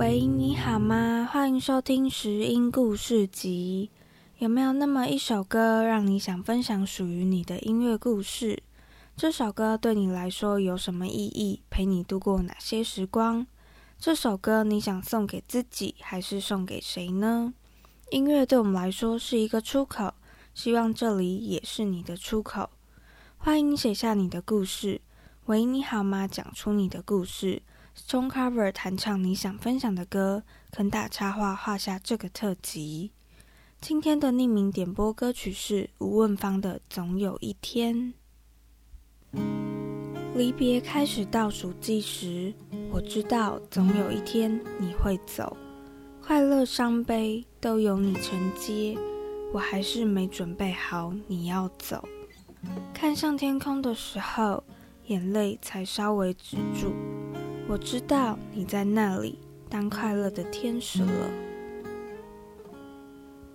喂，你好嗎？歡迎收聽《拾音故事集》。有沒有那麼一首歌，讓你想分享屬於你的音樂故事？這首歌對你來說有什麼意義？陪你度過哪些時光？這首歌你想送給自己，還是送給誰呢？音樂對我們來說是一個出口，希望這裡也是你的出口。歡迎寫下你的故事，喂你好嗎？講出你的故事，Stone Cover 彈唱你想分享的歌，肯大插畫畫下這個特輯。今天的匿名點播歌曲是吳汶芳的《總有一天》。離別開始倒數計時，我知道總有一天你會走，快樂、傷悲都由你承接。我還是沒準備好你要走。看向天空的時候，眼淚才稍微止住。我知道你在那裡當快樂的天使了。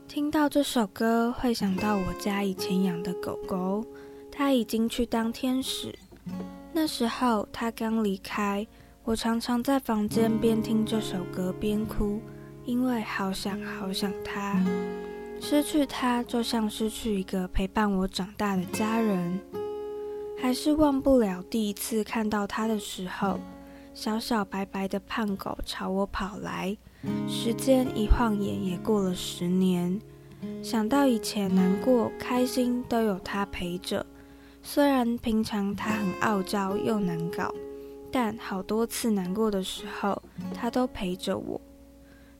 聽到這首歌，會想到我家以前養的狗狗，它已經去當天使。那時候他剛離開，我常常在房間邊聽這首歌邊哭，因為好想好想他。失去他就像失去一個陪伴我長大的家人。還是忘不了第一次看到他的時候，小小白白的胖狗朝我跑來。時間一晃眼也過了十年，想到以前難過、開心都有他陪着。雖然平常他很傲嬌又難搞，但好多次難過的時候他都陪着我。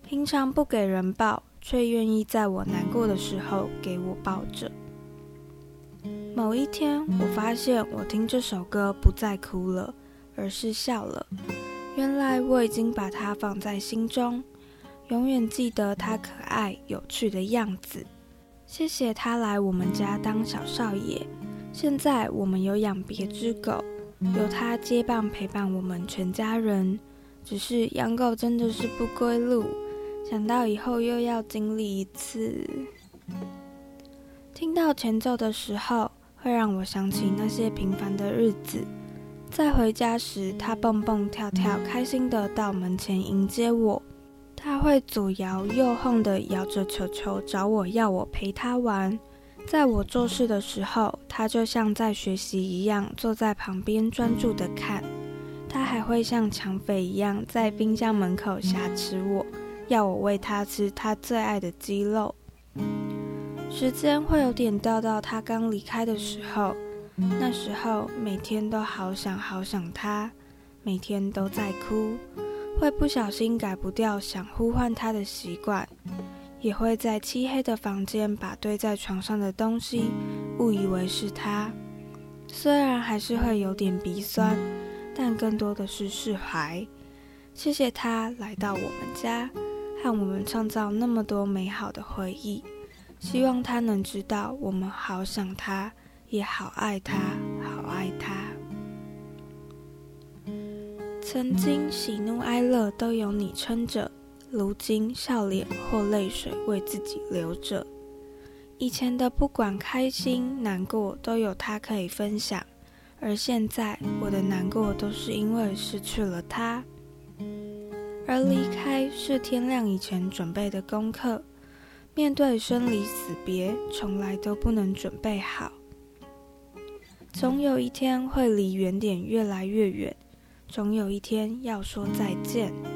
平常不給人抱，卻願意在我難過的時候給我抱着。某一天，我發現我聽這首歌不再哭了，而是笑了。原來我已經把他放在心中，永遠記得他可愛有趣的樣子。謝謝他來我們家當小少爺。現在我們有養別只狗，嗯、由它接棒陪伴我們全家人。只是養狗真的是不歸路，想到以後又要經歷一次。嗯、聽到前奏的時候，會讓我想起那些平凡的日子。在回家時，它蹦蹦跳跳，開心的到門前迎接我。它會左搖右晃的搖着球球，找我要我陪它玩。在我做事的時候，他就像在學習一樣，坐在旁邊專注地看。他還會像搶匪一樣，在冰箱門口挾持我，要我餵他吃他最愛的雞肉。時間會有點掉到他剛離開的時候，那時候每天都好想好想他，每天都在哭，會不小心改不掉想呼喚他的習慣。也會在漆黑的房間，把堆在床上的東西誤以為是他。雖然還是會有點鼻酸，但更多的是釋懷。謝謝他來到我們家，和我們創造那麼多美好的回憶。希望他能知道，我們好想他，也好愛他，好愛他。曾經喜怒哀樂都有你撐着。如今，笑臉或淚水為自己留着。以前的不管開心難過，都有他可以分享。而現在，我的難過都是因為失去了他。而離開是天亮以前準備的功課。面對生離死別，從來都不能準備好。總有一天會離原點越來越遠，總有一天要說再見。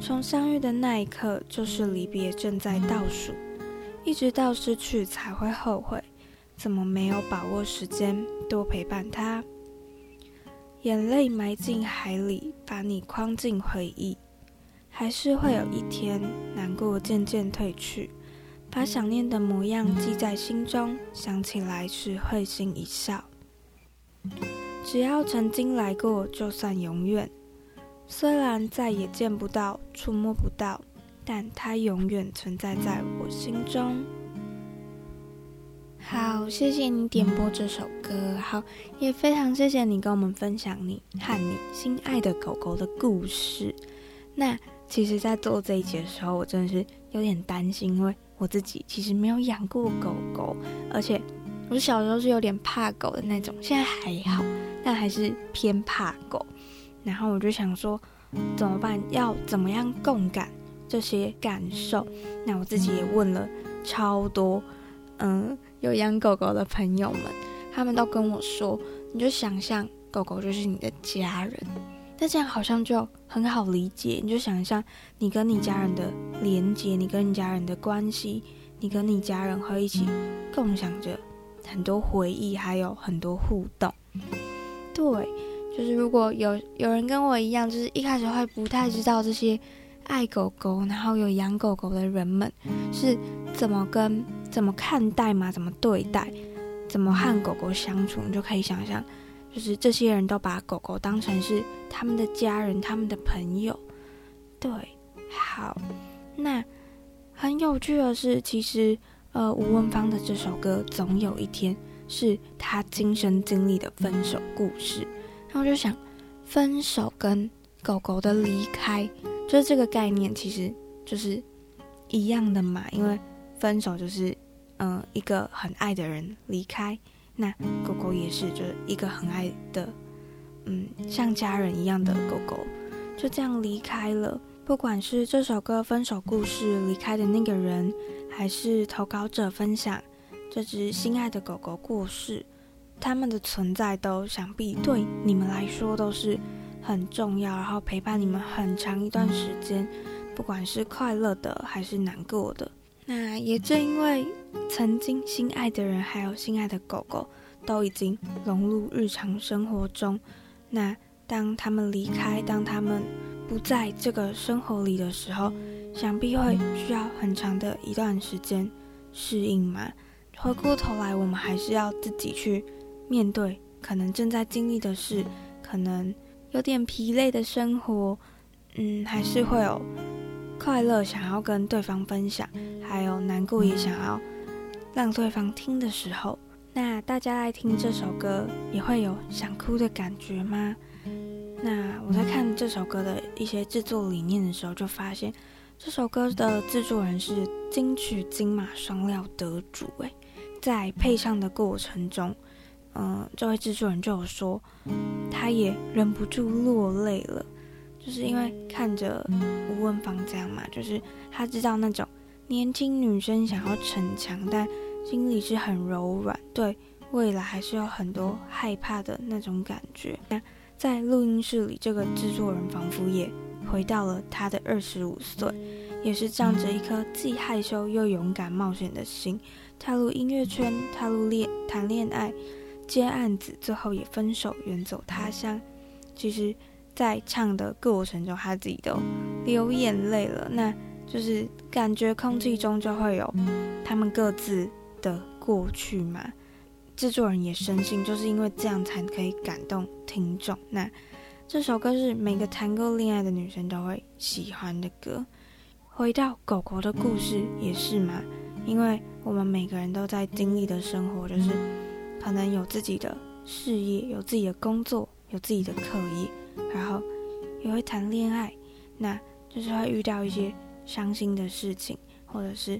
從相遇的那一刻，就是離別正在倒數，一直到失去才會後悔。怎麼沒有把握時間多陪伴他？眼淚埋進海裡，把你框進回憶，還是會有一天難過漸漸褪去，把想念的模樣記在心中，想起來時會心一笑。只要曾經來過，就算永遠。雖然再也見不到、觸摸不到，但它永遠存在在我心中。好，謝謝你點播這首歌。好，也非常謝謝你跟我們分享你和你心愛的狗狗的故事。那其實，在做這一集的時候，我真的是有點擔心，因為我自己其實沒有養過狗狗，而且我小時候是有點怕狗的那種，現在還好，但還是偏怕狗。然後我就想說，怎麼辦？要怎麼樣共感這些感受？那我自己也問了超多，嗯，有養狗狗的朋友們，他們都跟我說，你就想象狗狗就是你的家人，但這樣好像就很好理解。你就想象你跟你家人的連接，你跟你家人的關係，你跟你家人會一起共享着很多回憶，還有很多互動，對。就是如果有有人跟我一樣，就是一開始會不太知道這些愛狗狗，然後有養狗狗的人們是怎麼跟怎麼看待嘛，怎麼對待，怎麼和狗狗相處，你就可以想象，就是這些人都把狗狗當成是他們的家人，他們的朋友。對，好，那很有趣的是，其實呃，吳汶芳的這首歌《總有一天》是他親身經歷的分手故事。然後就想，分手跟狗狗的離開，就是這個概念，其實就是一樣的嘛。因為分手就是，嗯、呃，一個很愛的人離開，那狗狗也是，就是一個很愛的，嗯，像家人一樣的狗狗，就這樣離開了。不管是這首歌《分手故事》離開的那個人，還是投稿者分享這隻心愛的狗狗故事。他們的存在都想必對你們來說都是很重要，然後陪伴你們很長一段時間，不管是快樂的還是難過的。那也正因為曾經心愛的人還有心愛的狗狗都已經融入日常生活中，那當他們離開，當他們不在這個生活裡的時候，想必會需要很長的一段時間適應嘛。回過頭來，我們還是要自己去。面對可能正在經歷的事、可能有點疲累的生活，嗯，還是會有快樂想要跟對方分享，還有難過也想要讓對方聽的時候，那大家在聽這首歌，也會有想哭的感覺嗎？那我在看這首歌的一些制作理念的時候，就發現這首歌的制作人是金曲金馬雙料得主，哎，在配唱的過程中。嗯、呃，這位制作人就有說，他也忍不住落淚了，就是因為看着吳汶芳這樣嘛，就是他知道那種年輕女生想要逞強，但心裡是很柔軟，對未來還是有很多害怕的那種感覺。那在錄音室裡，這個制作人仿佛也回到了他的二十五歲，也是仗着一顆既害羞又勇敢冒險的心，踏入音樂圈，踏入戀談戀愛，接案子，最後也分手，遠走他鄉。其實，在唱的過程中，他自己都流眼淚了。那就是感覺空氣中就會有他們各自的過去嘛。制作人也深信，就是因為這樣才可以感動聽眾。那這首歌是每個談過戀愛的女生都會喜歡的歌。回到狗狗的故事也是嘛，因為我們每個人都在經歷的生活就是。可能有自己的事業，有自己的工作，有自己的課業，然後也會談戀愛，那就是會遇到一些傷心的事情，或者是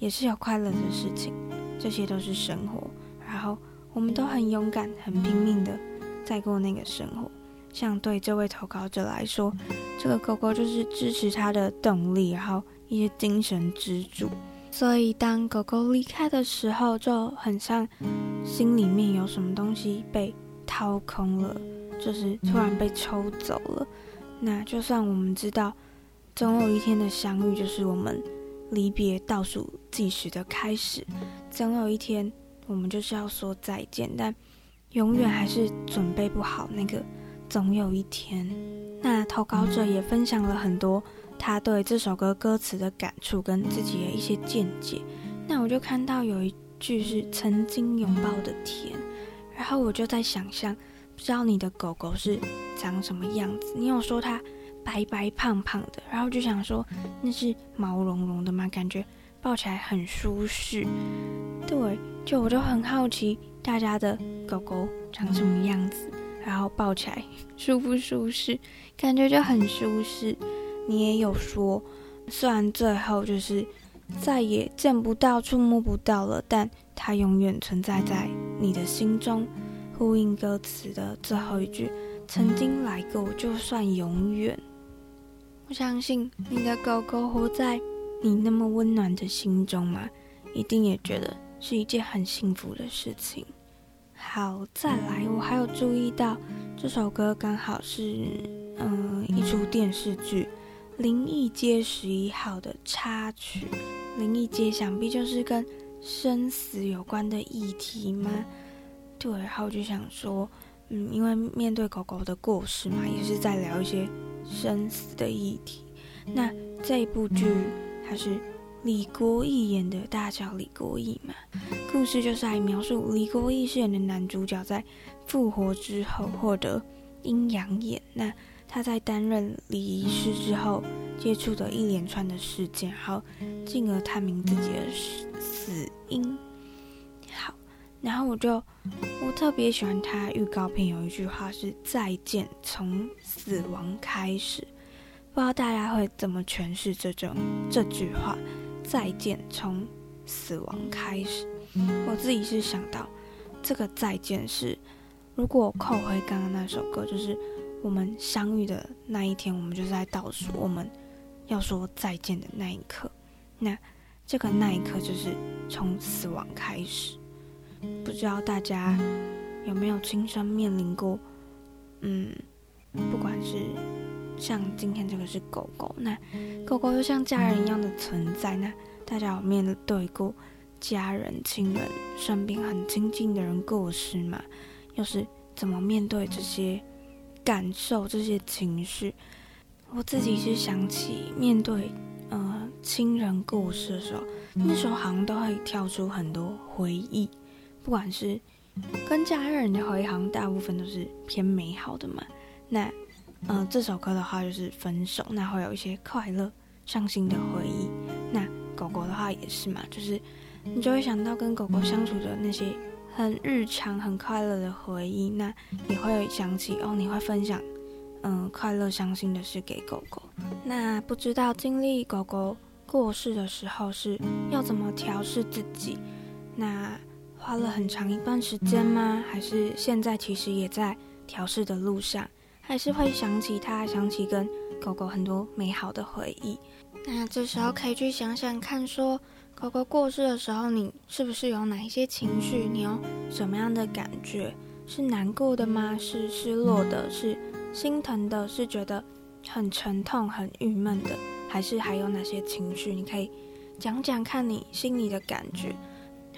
也是有快樂的事情，這些都是生活。然後我們都很勇敢，很拼命的在過那個生活。像對這位投稿者來說，這個狗狗就是支持他的動力，然後一些精神支柱。所以，當狗狗離開的時候，就很像心裡面有什麼東西被掏空了，就是突然被抽走了。那就算我們知道，總有一天的相遇就是我們離別倒數計時的開始，總有一天我們就是要說再見，但永遠還是準備不好那個總有一天。那投稿者也分享了很多。他對這首歌歌詞的感觸跟自己的一些見解，那我就看到有一句是“曾經擁抱的甜”，然後我就在想象，不知道你的狗狗是長什麼樣子。你有說它白白胖胖的，然後就想說那是毛茸茸的嘛，感覺抱起來很舒適。對，就我就很好奇大家的狗狗長什麼樣子，然後抱起來舒不舒適，感覺就很舒適。你也有說，雖然最後就是再也見不到、觸摸不到了，但它永遠存在在你的心中。呼應歌詞的最後一句：“曾經來過，就算永遠。”我相信你的狗狗活在你那麼溫暖的心中嘛、啊，一定也覺得是一件很幸福的事情。好，再來，我還有注意到這首歌剛好是嗯、呃、一齣電視劇。靈異街十一號的插曲，靈異街想必就是跟生死有關的議題嗎？對，然後就想說，嗯，因為面對狗狗的故事嘛，也是在聊一些生死的議題。那這部劇它是李國毅演的，大家叫李國毅嘛？故事就是來描述李國毅飾演的男主角在復活之後獲得陰陽眼。那他在擔任禮儀師之後，接觸的一連串的事件，然後進而探明自己的死死因。好，然後我就我特別喜歡他預告片有一句話是“再見，從死亡開始”，不知道大家會怎麼詮釋這種這句話“再見，從死亡開始”。我自己是想到這個“再見”是如果扣回剛剛那首歌，就是。我們相遇的那一天，我們就在倒數我們要說再見的那一刻。那這個那一刻就是從死亡開始。不知道大家有沒有親身面臨過？嗯，不管是像今天這個是狗狗，那狗狗又像家人一樣的存在，嗯、那大家有面對過家人、親人、身邊很親近的人過世嗎？又是怎麼面對這些？感受這些情緒，我自己是想起面對，呃，親人過世的時候，那時候好像都會跳出很多回憶，不管是跟家人的回憶，好像大部分都是偏美好的嘛。那，呃，這首歌的話就是分手，那會有一些快樂、傷心的回憶。那狗狗的話也是嘛，就是你就會想到跟狗狗相處的那些。很日常，很快樂的回憶，那你會想起哦？你會分享嗯快樂、傷心的事給狗狗？那不知道經歷狗狗過世的時候是要怎麼調適自己？那花了很長一段時間嗎？還是現在其實也在調適的路上？還是會想起它，想起跟狗狗很多美好的回憶？那這時候可以去想想看，說。狗狗過世的時候，你是不是有哪一些情緒？你有什麼樣的感覺？是難過的嗎？是失落的？是心疼的？是覺得很沉痛、很鬱悶的？還是還有哪些情緒？你可以講講看你心裡的感覺，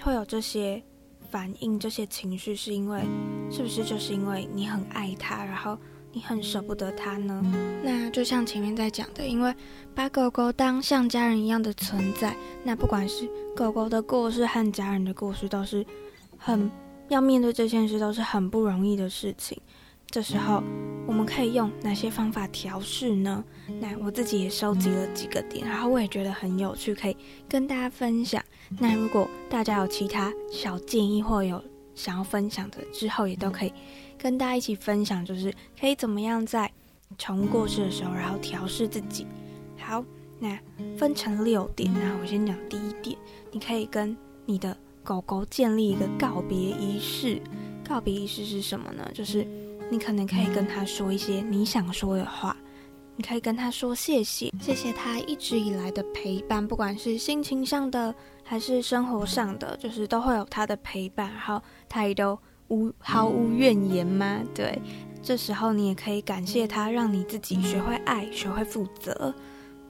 會有這些反應、這些情緒，是因為是不是就是因為你很愛他，然後？你很捨不得它呢，那就像前面在講的，因為把狗狗當像家人一樣的存在，那不管是狗狗的故事和家人的故事，都是很要面對這件事，都是很不容易的事情。這時候我們可以用哪些方法調適呢？那我自己也收集了幾個點，然後我也覺得很有趣，可以跟大家分享。那如果大家有其他小建議或有想要分享的，之後也都可以。跟大家一起分享，就是可以怎麼樣在寵物過世的時候，然後調適自己。好，那分成六點，那我先講第一點，你可以跟你的狗狗建立一個告別儀式。告別儀式是什麼呢？就是你可能可以跟他說一些你想說的話，你可以跟他說謝謝，謝謝他一直以來的陪伴，不管是心情上的還是生活上的，就是都會有他的陪伴，然後他也都。毫無怨言嗎？對，這時候你也可以感謝他，讓你自己學會愛，學會負責。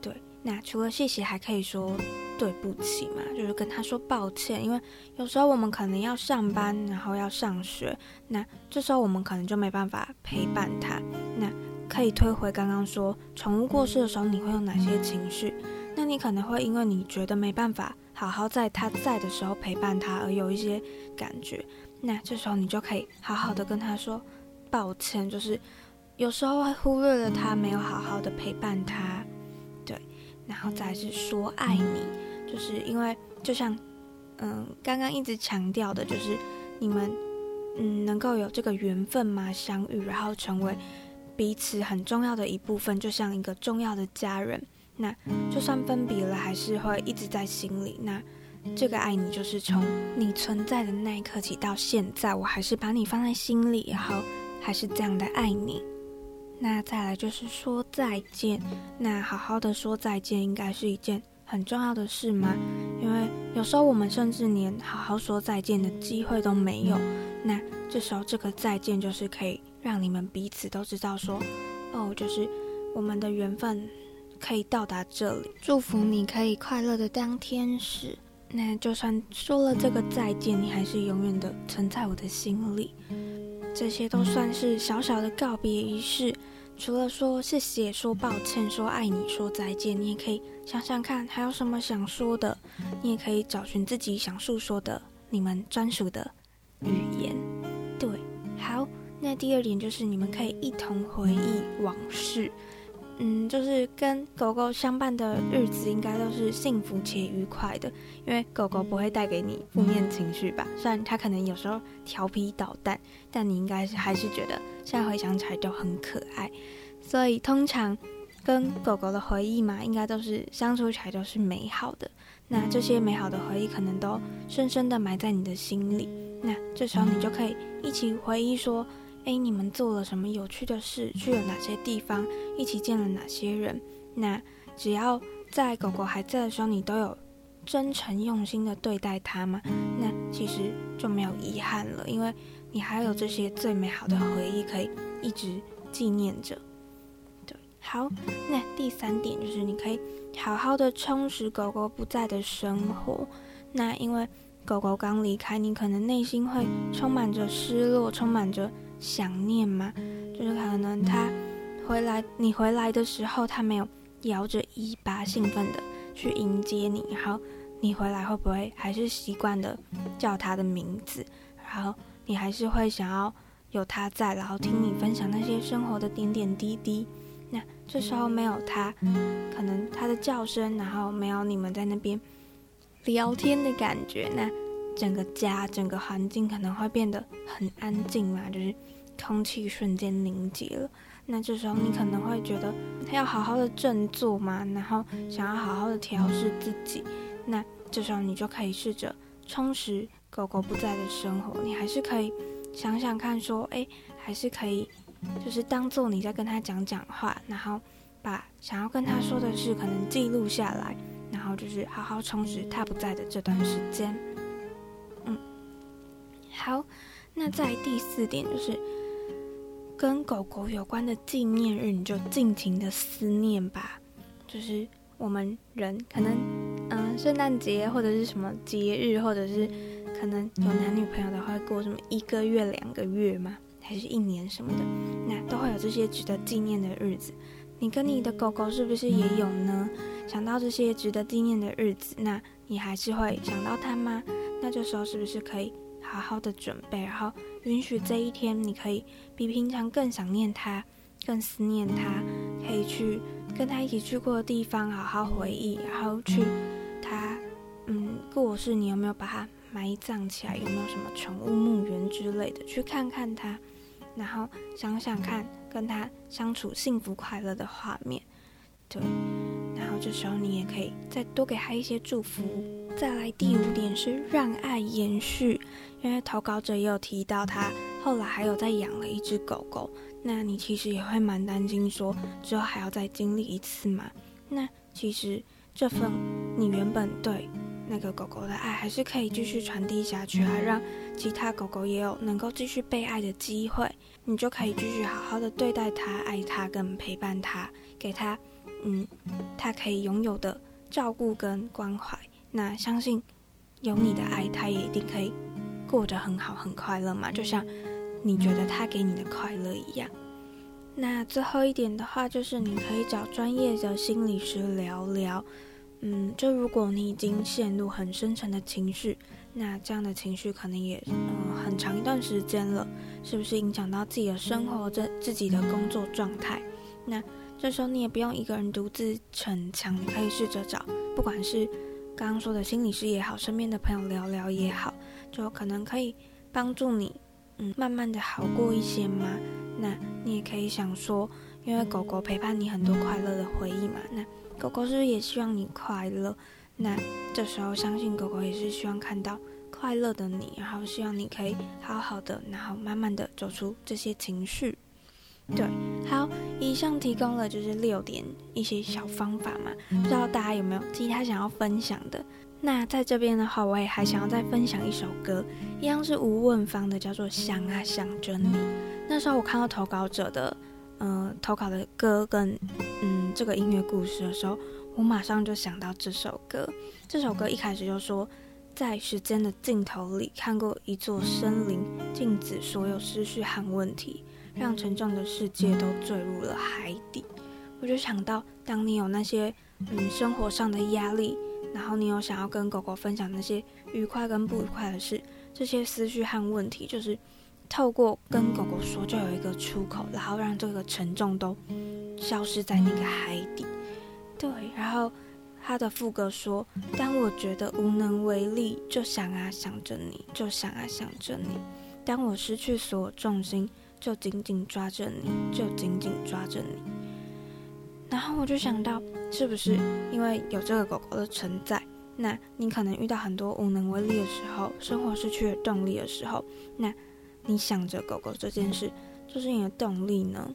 對，那除了謝謝，還可以說對不起嘛，就是跟他說抱歉，因為有時候我們可能要上班，然後要上學，那這時候我們可能就沒辦法陪伴他。那可以推回剛剛說，寵物過世的時候你會有哪些情緒？那你可能會因為你覺得沒辦法好好在他在的時候陪伴他，而有一些感覺。那這時候你就可以好好的跟他說，抱歉，就是有時候會忽略了他，沒有好好的陪伴他，對，然後再是說愛你，就是因為就像，嗯，剛剛一直強調的，就是你們，嗯，能夠有這個緣分嘛，相遇，然後成為彼此很重要的一部分，就像一個重要的家人，那就算分別了，還是會一直在心裡那。這個愛你就是從你存在的那一刻起到現在，我還是把你放在心裡，然後還是這樣的愛你。那再來就是說再見，那好好的說再見應該是一件很重要的事嘛，因為有時候我們甚至連好好說再見的機會都沒有。那這時候這個再見就是可以讓你們彼此都知道說，哦，就是我們的緣分可以到達這裡，祝福你可以快樂的當天使。那就算說了這個再見，你還是永遠的存在我的心裡。這些都算是小小的告別儀式，除了說謝謝、說抱歉、說愛你、說再見，你也可以想想看還有什麼想說的，你也可以找尋自己想訴說的你們專屬的語言。對，好，那第二點就是你們可以一同回憶往事。嗯，就是跟狗狗相伴的日子應該都是幸福且愉快的，因為狗狗不會帶給你負面情緒吧？雖然它可能有時候調皮搗蛋，但你應該是還是覺得現在回想起來就很可愛。所以通常跟狗狗的回憶嘛，應該都是相處起來都是美好的。那這些美好的回憶可能都深深的埋在你的心裡，那這時候你就可以一起回憶說。誒，你們做了什麼有趣的事？去了哪些地方？一起見了哪些人？那只要在狗狗還在的時候，你都有真誠用心的對待它嘛。那其實就沒有遺憾了，因為你還有這些最美好的回憶可以一直紀念着。對，好，那第三點就是你可以好好的充實狗狗不在的生活。那因為狗狗剛離開，你可能內心會充滿着失落，充滿着。想念嗎？就是可能他回來，你回來的時候，他沒有搖着尾巴興奮的去迎接你，然後你回來會不會還是習慣的叫他的名字？然後你還是會想要有他在，然後聽你分享那些生活的點點滴滴。那這時候沒有他，可能他的叫聲，然後沒有你們在那邊聊天的感覺，那整個家整個環境可能會變得很安靜嘛，就是。空氣瞬間凝結了，那這時候你可能會覺得他要好好的振作嘛，然後想要好好的調適自己，那這時候你就可以試着充實狗狗不在的生活。你還是可以想想看說，欸，還是可以，就是當做你在跟他講講話，然後把想要跟他說的事可能記錄下來，然後就是好好充實他不在的這段時間。嗯，好，那在第四點就是。跟狗狗有關的紀念日，你就盡情的思念吧。就是我們人可能，嗯，聖誕節或者是什麼節日，或者是可能有男女朋友的話，會過什麼一個月、兩個月嘛，還是一年什麼的，那都會有這些值得紀念的日子。你跟你的狗狗是不是也有呢？想到這些值得紀念的日子，那你還是會想到它嗎？那這時候是不是可以好好的準備，然後？允許這一天，你可以比平常更想念他，更思念他，可以去跟他一起去過的地方好好回憶，然後去他，嗯，過世，你有沒有把他埋葬起來？有沒有什麼寵物墓園之類的去看看他，然後想想看跟他相處幸福快樂的畫面，對，然後這時候你也可以再多給他一些祝福。再來第五點是讓愛延續，因為投稿者也有提到他後來還有再養了一隻狗狗。那你其實也會蠻擔心說之後還要再經歷一次嘛？那其實這份你原本對那個狗狗的愛還是可以繼續傳遞下去啊，讓其他狗狗也有能夠繼續被愛的機會。你就可以繼續好好的對待它、愛它跟陪伴它，給它嗯，它可以擁有的照顧跟關懷。那相信有你的愛，他也一定可以過得很好、很快樂嘛？就像你覺得他給你的快樂一樣。那最後一點的話，就是你可以找專業的心理師聊聊。嗯，就如果你已經陷入很深沉的情緒，那這樣的情緒可能也嗯很長一段時間了，是不是影響到自己的生活、自自己的工作狀態？那這時候你也不用一個人獨自逞強，你可以試着找，不管是。剛剛說的心理師也好，身邊的朋友聊聊也好，就可能可以幫助你，嗯，慢慢的好過一些嘛。那你也可以想說，因為狗狗陪伴你很多快樂的回憶嘛，那狗狗是不是也希望你快樂？那這時候相信狗狗也是希望看到快樂的你，然後希望你可以好好的，然後慢慢的走出這些情緒。對，好，以上提供了就是六點一些小方法嘛，不知道大家有沒有其他想要分享的。那在這邊的話，我也還想要再分享一首歌，一樣是吳汶芳的，叫做《想啊想着你》。那時候我看到投稿者的，嗯、呃，投稿的歌跟嗯這個音樂故事的時候，我馬上就想到這首歌。這首歌一開始就說，在時間的盡頭裡看過一座森林，靜止所有思緒和問題。讓沉重的世界都墜入了海底，我就想到，當你有那些，嗯，生活上的壓力，然後你有想要跟狗狗分享那些愉快跟不愉快的事，這些思緒和問題，就是透過跟狗狗說，就有一個出口，然後讓這個沉重都消失在那個海底。對，然後他的副歌說：“當我覺得無能為力，就想啊想着你，就想啊想着你；當我失去所有重心。”就緊緊抓着你，就緊緊抓着你。然後我就想到，是不是因為有這個狗狗的存在，那你可能遇到很多無能為力的時候，生活失去了動力的時候，那你想着狗狗這件事，就是你的動力呢？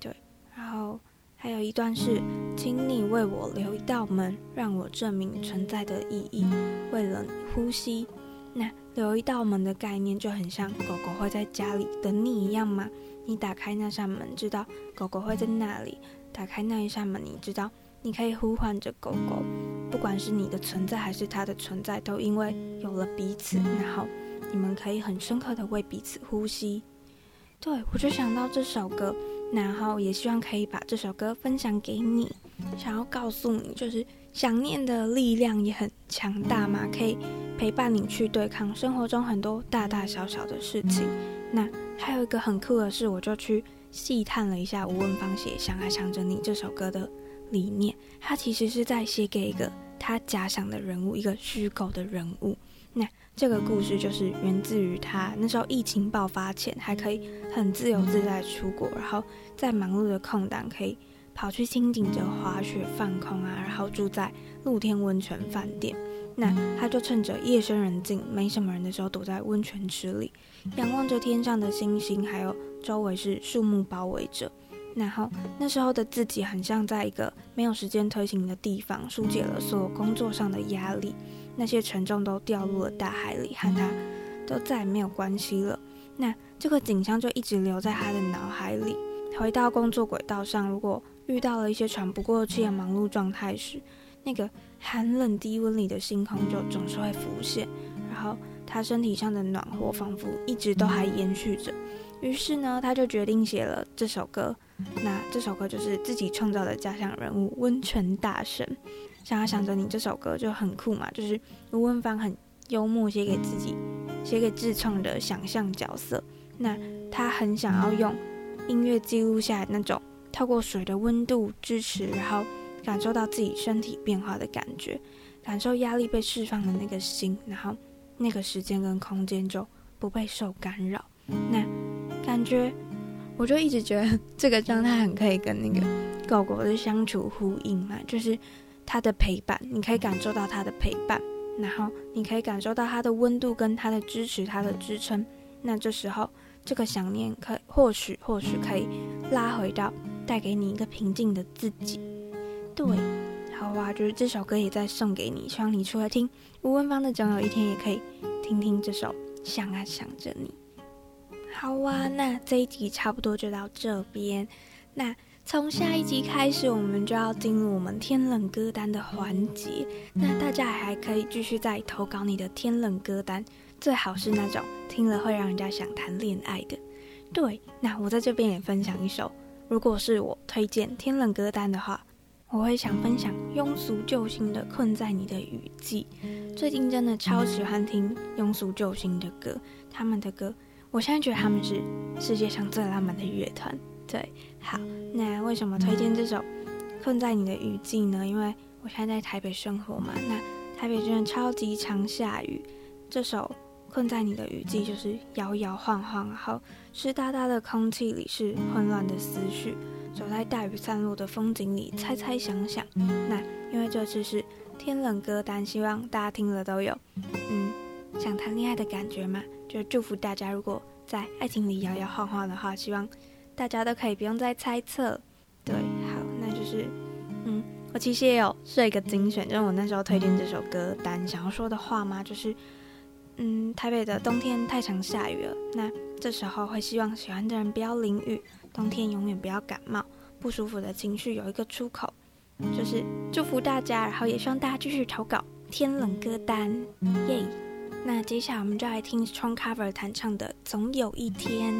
對。然後還有一段是，請你為我留一道門，讓我證明存在的意義，為了你呼吸。那留一道門的概念就很像狗狗會在家裡等你一樣嘛。你打開那扇門，知道狗狗會在那裡；打開那一扇門，你知道你可以呼喚着狗狗。不管是你的存在還是它的存在，都因為有了彼此，然後你們可以很深刻的為彼此呼吸。對，我就想到這首歌，然後也希望可以把這首歌分享給你，想要告訴你就是。想念的力量也很強大嘛，可以陪伴你去對抗生活中很多大大小小的事情。那還有一個很酷的事，我就去細探了一下吳汶芳寫《想阿想著你》這首歌的理念。它其實是在寫給一個他假想的人物，一個虛構的人物。那這個故事就是源自於他那時候疫情爆發前還可以很自由自在出國，然後在忙碌的空檔可以。跑去輕井澤滑雪放空啊，然後住在露天溫泉飯店。那他就趁着夜深人靜、沒什麼人的時候，躲在溫泉池裡，仰望着天上的星星，還有周圍是樹木包圍着。然後那時候的自己，很像在一個沒有時間推行的地方，疏解了所有工作上的壓力，那些沉重都掉入了大海裡，和他都再也沒有關係了。那這個景象就一直留在他的腦海裡。回到工作軌道上，如果遇到了一些喘不過氣的忙碌狀態時，那個寒冷低溫裡的星空就總是會浮現，然後他身體上的暖和仿佛一直都還延續着。於是呢，他就決定寫了這首歌。那這首歌就是自己創造的家鄉人物溫泉大神，想要想着你這首歌就很酷嘛，就是吳汶芳很幽默寫給自己，寫給自創的想象角色。那他很想要用音樂記錄下來那種。透過水的溫度支持，然後感受到自己身體變化的感覺，感受壓力被釋放的那個心，然後那個時間跟空間就不被受干擾。那感覺，我就一直覺得這個狀態很可以跟那個狗狗的相處呼應嘛，就是它的陪伴，你可以感受到它的陪伴，然後你可以感受到它的溫度跟它的支持，它的支撐。那這時候，這個想念可或許或許可以拉回到。帶給你一個平靜的自己，對，好啊，就是這首歌也在送給你，希望你除了聽吳汶芳的《總有一天》也可以聽聽這首《想啊想着你》。好啊，那這一集差不多就到這邊。那從下一集開始，我們就要進入我們天冷歌單的環節。那大家還可以繼續在投稿你的天冷歌單，最好是那種聽了會讓人家想談戀愛的。對，那我在這邊也分享一首。如果是我推薦天冷歌單的話，我會想分享庸俗救星的《困在你的雨季》。最近真的超喜歡聽庸俗救星的歌，他們的歌，我現在覺得他們是世界上最浪漫的樂團。對，好，那為什麼推薦這首《困在你的雨季》呢？因為我現在在台北生活嘛，那台北真的超級常下雨，這首。困在你的雨季，就是搖搖晃晃好，好濕噠噠的空氣裡是混亂的思緒，走在大雨散落的風景裡，猜猜想想。那因為這次是天冷歌單，希望大家聽了都有，嗯，想談戀愛的感覺嘛，就祝福大家，如果在愛情裡搖搖晃晃的話，希望大家都可以不用再猜測。對，好，那就是，嗯，我其實也有睡個精選，就我那時候推薦這首歌單，想要說的話嘛，就是。嗯，台北的冬天太常下雨了，那這時候會希望喜歡的人不要淋雨，冬天永遠不要感冒，不舒服的情緒有一個出口，就是祝福大家，然後也希望大家繼續投稿天冷歌單，耶！那接下來我們就來聽 Stone Cover 彈唱的《總有一天》。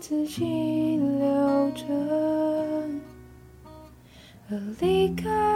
自己留着，而離開。.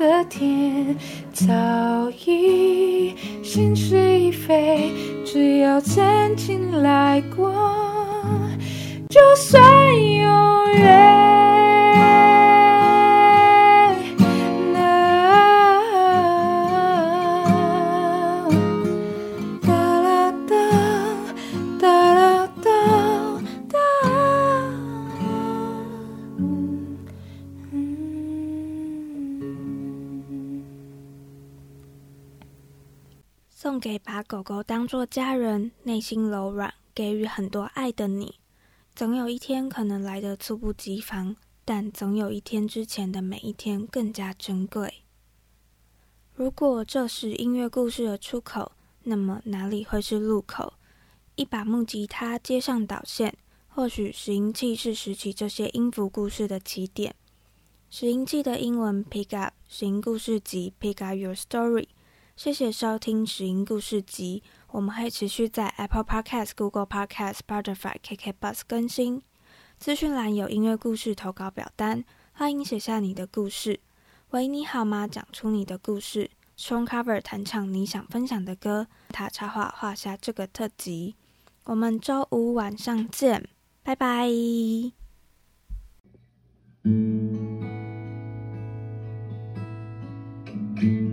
的天早已心事已非，只要曾經來過，就算。給把狗狗當作家人，內心柔軟，給予很多愛的你，總有一天可能來得猝不及防，但總有一天之前的每一天更加珍貴。如果這是音樂故事的出口，那麼哪裡會是路口？一把木吉他接上導線，或許拾音器是拾起這些音符故事的起點。拾音器的英文 pick up，拾音故事集 pick up your story。謝謝收聽《拾音故事集》，我們會持續在 Apple Podcast、Google Podcast、Spotify、KKBOX 更新。資訊欄有音樂故事投稿表單，歡迎寫下你的故事。喂，你好嗎？講出你的故事。Stone Cover 彈唱你想分享的歌。他插畫畫下這個特輯。我們週五晚上見，拜拜。嗯嗯。